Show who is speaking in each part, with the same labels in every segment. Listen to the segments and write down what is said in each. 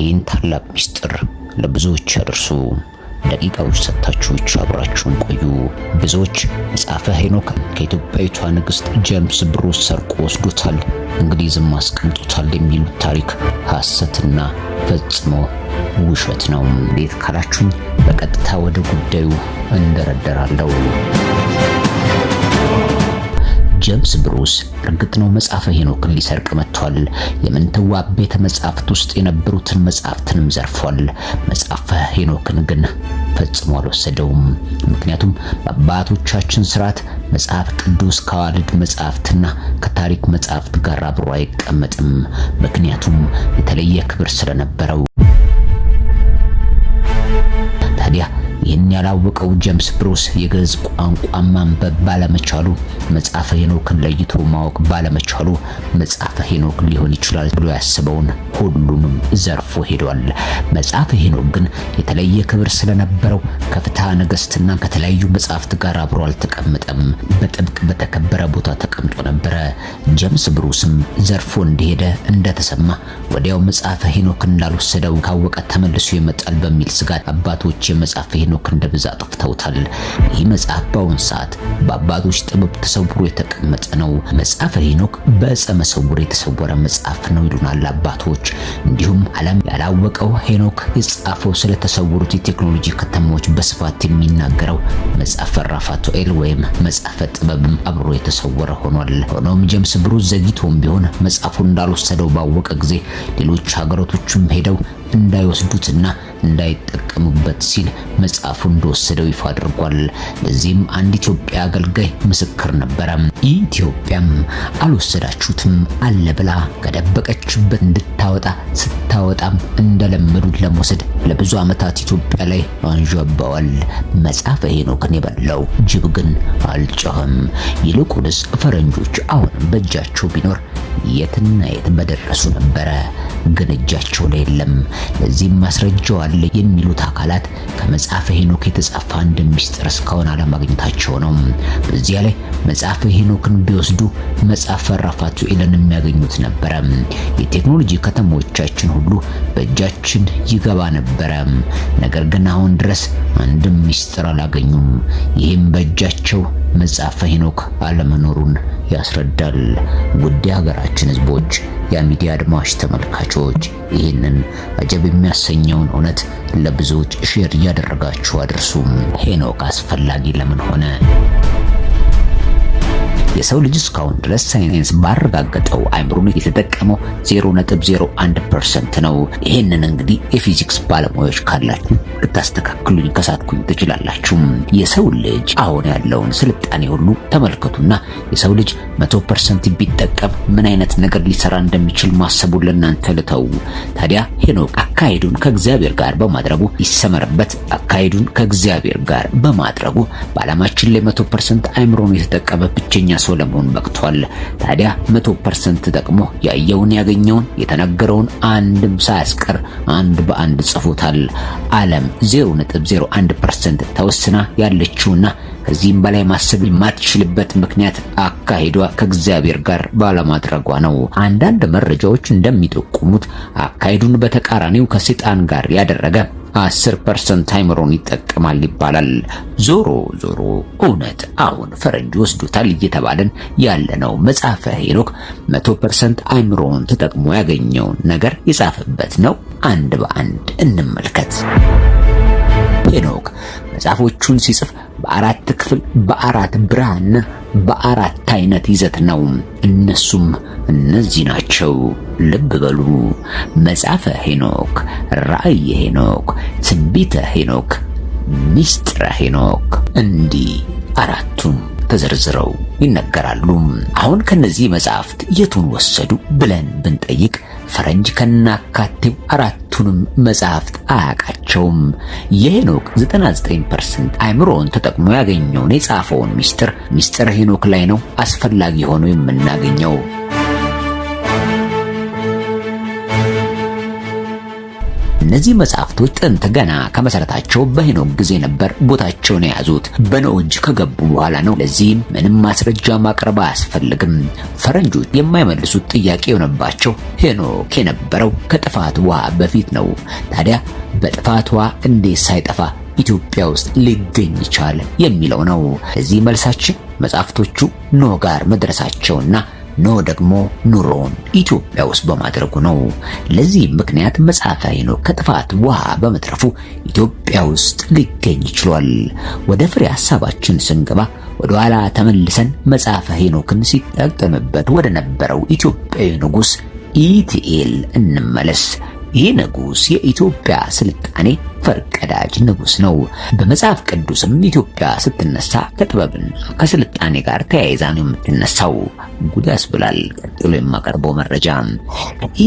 Speaker 1: ይህን ታላቅ ምስጢር ለብዙዎች አድርሱ። ደቂቃዎች ሰጥታችሁ አብራችሁን ቆዩ። ብዙዎች መጽሐፈ ሄኖክ ከኢትዮጵያዊቷ ንግሥት ጀምስ ብሩስ ሰርቆ ወስዶታል፣ እንግሊዝም አስቀምጦታል የሚሉት ታሪክ ሐሰትና ፈጽሞ ውሸት ነው። እንዴት ካላችሁኝ በቀጥታ ወደ ጉዳዩ እንደረደራለሁ። ጀምስ ብሩስ እርግጥ ነው መጽሐፈ ሄኖክን ሊሰርቅ መጥቷል። የምንትዋ ቤተ መጻሕፍት ውስጥ የነበሩትን መጻሕፍትንም ዘርፏል። መጽሐፈ ሄኖክን ግን ፈጽሞ አልወሰደውም። ምክንያቱም በአባቶቻችን ስርዓት መጽሐፍ ቅዱስ ከዋልድ መጽሐፍትና ከታሪክ መጽሐፍት ጋር አብሮ አይቀመጥም። ምክንያቱም የተለየ ክብር ስለነበረው ታዲያ ያላወቀው ጀምስ ብሩስ የግዕዝ ቋንቋን ማንበብ ባለመቻሉ መጽሐፈ ሄኖክን ለይቶ ማወቅ ባለመቻሉ መጽሐፈ ሄኖክ ሊሆን ይችላል ብሎ ያስበውን ሁሉንም ዘርፎ ሄዷል። መጽሐፈ ሄኖክ ግን የተለየ ክብር ስለነበረው ከፍትሐ ነገሥትና ከተለያዩ መጽሐፍት ጋር አብሮ አልተቀመጠም። በጥብቅ በተከበረ ቦታ ተቀምጦ ነበረ። ጀምስ ብሩስም ዘርፎ እንደሄደ እንደተሰማ ወዲያው መጽሐፈ ሄኖክ እንዳልወሰደው ካወቀ ተመልሶ ይመጣል በሚል ስጋት አባቶች የመጽሐፈ ሄኖክ እንደብዛ ጠፍተውታል። ይህ መጽሐፍ በአሁን ሰዓት በአባቶች ጥበብ ተሰውሮ የተቀመጠ ነው። መጽሐፈ ሄኖክ በዕፀ መሰውር የተሰወረ መጽሐፍ ነው ይሉናል አባቶች። እንዲሁም ዓለም ያላወቀው ሄኖክ የጻፈው ስለተሰወሩት የቴክኖሎጂ ከተሞች በስፋት የሚናገረው መጽሐፈ ራፋቶኤል ወይም መጽሐፈ ጥበብም አብሮ የተሰወረ ሆኗል። ሆኖም ጀምስ ብሩስ ዘግይቶም ቢሆን መጽሐፉን እንዳልወሰደው ባወቀ ጊዜ ሌሎች ሀገራቶችም ሄደው እንዳይወስዱትና እንዳይጠቀሙበት ሲል መጽሐፉ እንደወሰደው ይፋ አድርጓል። ለዚህም አንድ ኢትዮጵያ አገልጋይ ምስክር ነበረ። ኢትዮጵያም አልወሰዳችሁትም አለ ብላ ከደበቀችበት እንድታወጣ ስታወጣም እንደለመዱት ለመውሰድ ለብዙ ዓመታት ኢትዮጵያ ላይ አንዣባዋል። መጽሐፈ ሄኖክን የበላው ጅብ ግን አልጮኸም። ይልቁንስ ፈረንጆች አሁንም በእጃቸው ቢኖር የትና የት በደረሱ ነበረ። ግን እጃቸው ላይ የለም። ለዚህም ማስረጃው አለ የሚሉት አካላት ከመጽሐፈ ሄኖክ የተጻፈ አንድ ምስጢር እስካሁን አለማግኘታቸው ነው። በዚያ ላይ መጽሐፈ ሄኖክን ቢወስዱ መጽሐፈ ራፋቱኤልን የሚያገኙት ነበረ። የቴክኖሎጂ ከተሞቻችን ሁሉ በእጃችን ይገባ ነበረ። ነገር ግን አሁን ድረስ አንድም ምስጢር አላገኙም። ይህም በእጃቸው መጽሐፈ ሄኖክ አለመኖሩን ያስረዳል። ውድ የሀገራችን ህዝቦች የሚዲያ አድማሽ ተመልካቾች ይህንን አጀብ የሚያሰኘውን እውነት ለብዙዎች ሼር እያደረጋችሁ አድርሱም። ሄኖክ አስፈላጊ ለምን ሆነ? የሰው ልጅ እስካሁን ድረስ ሳይንስ ባረጋገጠው አይምሮን የተጠቀመው 0.01% ነው። ይህንን እንግዲህ የፊዚክስ ባለሙያዎች ካላችሁ ልታስተካክሉኝ ከሳትኩኝ ትችላላችሁ። የሰው ልጅ አሁን ያለውን ስልጣኔ ሁሉ ተመልከቱና የሰው ልጅ 100% ቢጠቀም ምን አይነት ነገር ሊሰራ እንደሚችል ማሰቡን ለእናንተ ልተው። ታዲያ ሄኖክ አካሄዱን ከእግዚአብሔር ጋር በማድረጉ ይሰመርበት። አካሄዱን ከእግዚአብሔር ጋር በማድረጉ በዓለማችን ላይ 100% አይምሮን የተጠቀመ ብቸኛ ለመሆን በቅቷል። ታዲያ መቶ ፐርሰንት ጠቅሞ ያየውን ያገኘውን የተነገረውን አንድም ሳያስቀር አንድ በአንድ ጽፎታል። ዓለም 0.01% ተወስና ያለችውና ከዚህም በላይ ማሰብ የማትችልበት ምክንያት አካሄዷ ከእግዚአብሔር ጋር ባለማድረጓ ነው። አንዳንድ መረጃዎች እንደሚጠቁሙት አካሄዱን በተቃራኒው ከሰይጣን ጋር ያደረገ አስር ፐርሰንት አይምሮን ይጠቀማል ይባላል። ዞሮ ዞሮ እውነት አሁን ፈረንጅ ወስዶታል እየተባለን ያለነው መጽሐፈ ሄኖክ መቶ ፐርሰንት አይምሮውን ተጠቅሞ ያገኘውን ነገር የጻፈበት ነው። አንድ በአንድ እንመልከት። ሄኖክ መጽሐፎቹን ሲጽፍ በአራት ክፍል በአራት ብርሃንና በአራት አይነት ይዘት ነው። እነሱም እነዚህ ናቸው። ልብ በሉ። መጽሐፈ ሄኖክ፣ ራእየ ሄኖክ፣ ትንቢተ ሄኖክ፣ ሚስጥረ ሄኖክ እንዲህ አራቱም ተዘርዝረው ይነገራሉ። አሁን ከነዚህ መጽሐፍት የቱን ወሰዱ ብለን ብንጠይቅ ፈረንጅ ከናካቴው አራቱንም መጽሐፍት አያውቃቸውም። የሄኖክ 99% አእምሮውን ተጠቅሞ ያገኘውን የጻፈውን ሚስጥር ሚስጥረ ሄኖክ ላይ ነው አስፈላጊ ሆኖ የምናገኘው። እነዚህ መጽሐፍቶች ጥንት ገና ከመሰረታቸው በሄኖክ ጊዜ ነበር ቦታቸውን የያዙት። በኖህ እጅ ከገቡ በኋላ ነው። ለዚህም ምንም ማስረጃ ማቅረብ አያስፈልግም። ፈረንጆች የማይመልሱት ጥያቄ የሆነባቸው ሄኖክ የነበረው ከጥፋት ውሃ በፊት ነው። ታዲያ በጥፋት ውሃ እንዴት ሳይጠፋ ኢትዮጵያ ውስጥ ሊገኝ ይቻል የሚለው ነው። እዚህ መልሳችን መጽሐፍቶቹ ኖህ ጋር መድረሳቸውና ኖ ደግሞ ኑሮውን ኢትዮጵያ ውስጥ በማድረጉ ነው። ለዚህ ምክንያት መጽሐፈ ሄኖክ ከጥፋት ውሃ በመትረፉ ኢትዮጵያ ውስጥ ሊገኝ ችሏል። ወደ ፍሬ ሐሳባችን ስንገባ ወደ ኋላ ተመልሰን መጽሐፈ ሄኖክን ሲጠቀምበት ወደ ነበረው ኢትዮጵያዊ ንጉሥ ኢቲኤል እንመለስ። ይህ ንጉሥ የኢትዮጵያ ስልጣኔ ፈርቀዳጅ ንጉስ ነው። በመጽሐፍ ቅዱስም ኢትዮጵያ ስትነሳ ከጥበብና ከስልጣኔ ጋር ተያይዛ ነው የምትነሳው። ጉድ ያስብላል። ቀጥሎ የማቀርበው መረጃ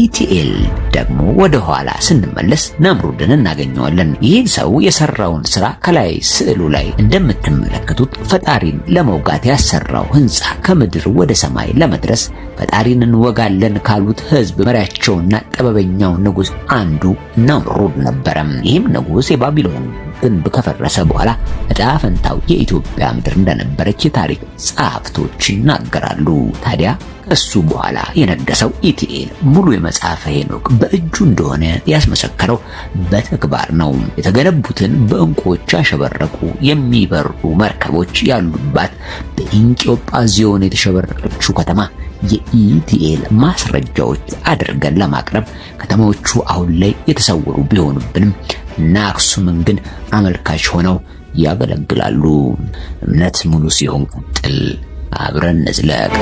Speaker 1: ኢቲኤል ደግሞ ወደ ኋላ ስንመለስ ናምሩድን እናገኘዋለን። ይህን ሰው የሰራውን ስራ ከላይ ስዕሉ ላይ እንደምትመለከቱት ፈጣሪን ለመውጋት ያሰራው ህንፃ ከምድር ወደ ሰማይ ለመድረስ ፈጣሪን እንወጋለን ካሉት ህዝብ መሪያቸውና ጥበበኛው ንጉስ አንዱ ናምሩድ ነበረም። ይህም ንጉሥ የባቢሎን ግንብ ከፈረሰ በኋላ ዕጣ ፈንታው የኢትዮጵያ ምድር እንደነበረች የታሪክ ጸሐፍቶች ይናገራሉ። ታዲያ ከሱ በኋላ የነገሰው ኢቲኤል ሙሉ የመጽሐፈ ሄኖክ በእጁ እንደሆነ ያስመሰከረው በተግባር ነው። የተገነቡትን በእንቁዎች ያሸበረቁ የሚበሩ መርከቦች ያሉባት በኢንቄጳዚዮን የተሸበረቀችው ከተማ የኢቲኤል ማስረጃዎች አድርገን ለማቅረብ ከተሞቹ አሁን ላይ የተሰወሩ ቢሆኑብንም እና አክሱምን ግን አመልካች ሆነው ያገለግላሉ። እምነት ሙሉ ሲሆን ቀጥል አብረን ንዝለቅ።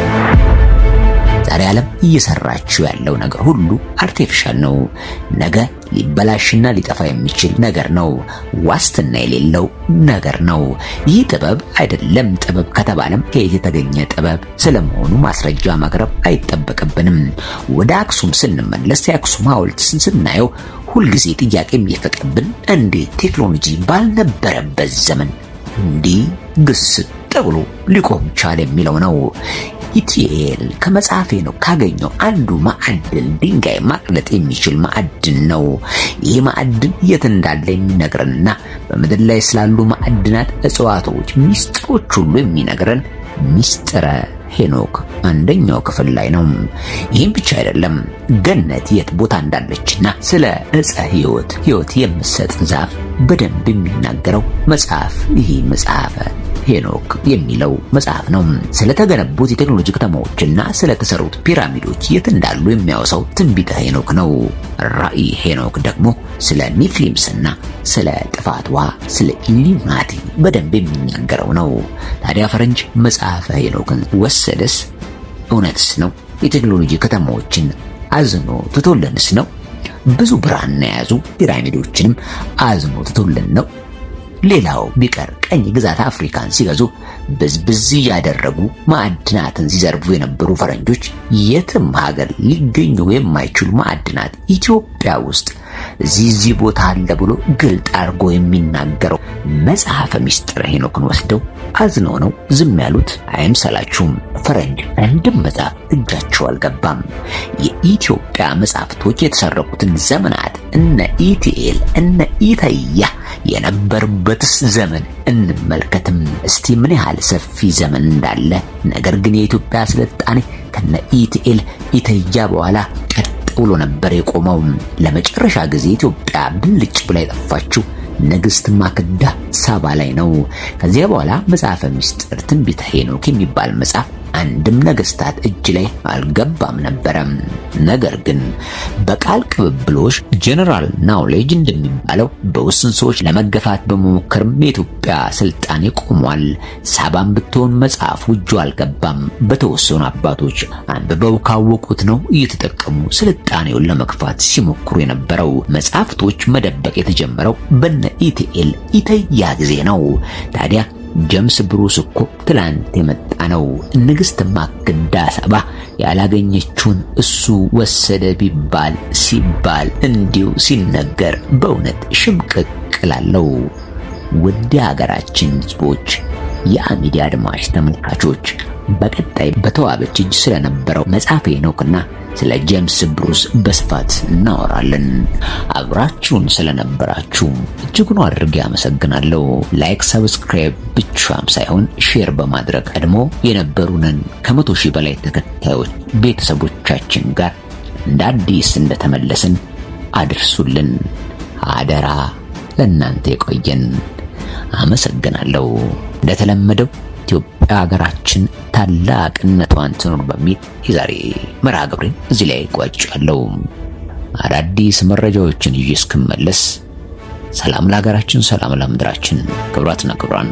Speaker 1: ዛሬ ዓለም እየሰራችው ያለው ነገር ሁሉ አርቲፊሻል ነው። ነገ ሊበላሽና ሊጠፋ የሚችል ነገር ነው። ዋስትና የሌለው ነገር ነው። ይህ ጥበብ አይደለም። ጥበብ ከተባለም ከየት የተገኘ ጥበብ ስለመሆኑ ማስረጃ ማቅረብ አይጠበቅብንም። ወደ አክሱም ስንመለስ የአክሱም ሐውልት ስናየው ሁልጊዜ ጥያቄ የሚፈጥርብን እንዴት ቴክኖሎጂ ባልነበረበት ዘመን እንዲህ ግስጥ ተብሎ ሊቆም ቻለ የሚለው ነው። ይትሪኤል ከመጽሐፌ ነው ካገኘው አንዱ ማዕድን ድንጋይ ማቅለጥ የሚችል ማዕድን ነው። ይህ ማዕድን የት እንዳለ የሚነግረንና በምድር ላይ ስላሉ ማዕድናት፣ እጽዋቶች ሚስጥሮች ሁሉ የሚነግረን ሚስጥረ ሄኖክ አንደኛው ክፍል ላይ ነው። ይህም ብቻ አይደለም፣ ገነት የት ቦታ እንዳለችና ስለ ዕፀ ሕይወት ሕይወት የምትሰጥ ዛፍ በደንብ የሚናገረው መጽሐፍ ይህ መጽሐፈ ሄኖክ የሚለው መጽሐፍ ነው። ስለተገነቡት የቴክኖሎጂ ከተማዎችና ስለተሰሩት ፒራሚዶች የት እንዳሉ የሚያወሳው ትንቢተ ሄኖክ ነው። ራእይ ሄኖክ ደግሞ ስለ ኒፍሊምስና ስለ ጥፋትዋ ስለ ኢሊማቲ በደንብ የሚናገረው ነው። ታዲያ ፈረንጅ መጽሐፈ ሄኖክን ወሰደስ? እውነትስ ነው? የቴክኖሎጂ ከተማዎችን አዝኖ ትቶልንስ ነው? ብዙ ብራና የያዙ ፒራሚዶችንም አዝኖ ትቶልን ነው? ሌላው ቢቀር ቀኝ ግዛት አፍሪካን ሲገዙ ብዝብዝ እያደረጉ ማዕድናትን ሲዘርቡ የነበሩ ፈረንጆች የትም ሀገር ሊገኙ የማይችሉ ማዕድናት ኢትዮጵያ ውስጥ እዚህ እዚህ ቦታ አለ ብሎ ግልጥ አድርጎ የሚናገረው መጽሐፈ ሚስጥረ ሄኖክን ወስደው አዝነው ነው ዝም ያሉት። አይምሰላችሁም፣ ፈረንጅ አንድም መጽሐፍ እጃቸው አልገባም። የኢትዮጵያ መጽሐፍቶች የተሰረቁትን ዘመናት እነ ኢቲኤል እነ ኢተያ የነበርበትስ ዘመን እንመልከትም እስቲ ምን ያህል ሰፊ ዘመን እንዳለ። ነገር ግን የኢትዮጵያ ስልጣኔ ከነ ኢትኤል ኢተያ በኋላ ቀጥ ብሎ ነበር የቆመው። ለመጨረሻ ጊዜ ኢትዮጵያ ብልጭ ብላ የጠፋችው ንግስት ማክዳ ሳባ ላይ ነው። ከዚያ በኋላ መጽሐፈ ምስጢር ትንቢተ ሄኖክ የሚባል መጽሐፍ አንድም ነገስታት እጅ ላይ አልገባም ነበረም። ነገር ግን በቃል ቅብብሎሽ ጀነራል ናውሌጅ እንደሚባለው በውስን ሰዎች ለመገፋት በመሞከርም የኢትዮጵያ ስልጣኔ ቆሟል። ሳባም ብትሆን መጽሐፉ እጁ አልገባም። በተወሰኑ አባቶች አንብበው ካወቁት ነው እየተጠቀሙ ስልጣኔውን ለመግፋት ሲሞክሩ የነበረው። መጽሐፍቶች መደበቅ የተጀመረው በነ ኢቲኤል ኢተያ ጊዜ ነው ታዲያ ጀምስ ብሩስ እኮ ትላንት የመጣ ነው። ንግሥት ማክዳ ሰባ ያላገኘችውን እሱ ወሰደ ቢባል ሲባል እንዲሁ ሲነገር በእውነት ሽምቅቅላለው። እላለሁ። ውድ የሀገራችን ሕዝቦች፣ የአሚዲ አድማጭ ተመልካቾች በቀጣይ በተዋበች እጅ ስለነበረው መጽሐፈ ሄኖክና ስለ ጄምስ ብሩስ በስፋት እናወራለን። አብራችሁን ስለነበራችሁ እጅጉን አድርጌ አመሰግናለሁ። ላይክ፣ ሰብስክራይብ ብቻም ሳይሆን ሼር በማድረግ ቀድሞ የነበሩንን ከመቶ ሺህ በላይ ተከታዮች ቤተሰቦቻችን ጋር እንደ አዲስ እንደተመለስን አድርሱልን። አደራ ለእናንተ የቆየን። አመሰግናለሁ። እንደተለመደው አገራችን ታላቅነቷን ትኑር በሚል የዛሬ መርሃ ግብሬን እዚህ ላይ ቋጫለሁ። አዳዲስ መረጃዎችን ይዤ እስክመለስ ሰላም ለሀገራችን፣ ሰላም ለምድራችን። ክብራትና ክብራን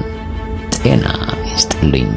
Speaker 1: ጤና ይስጥልኝ።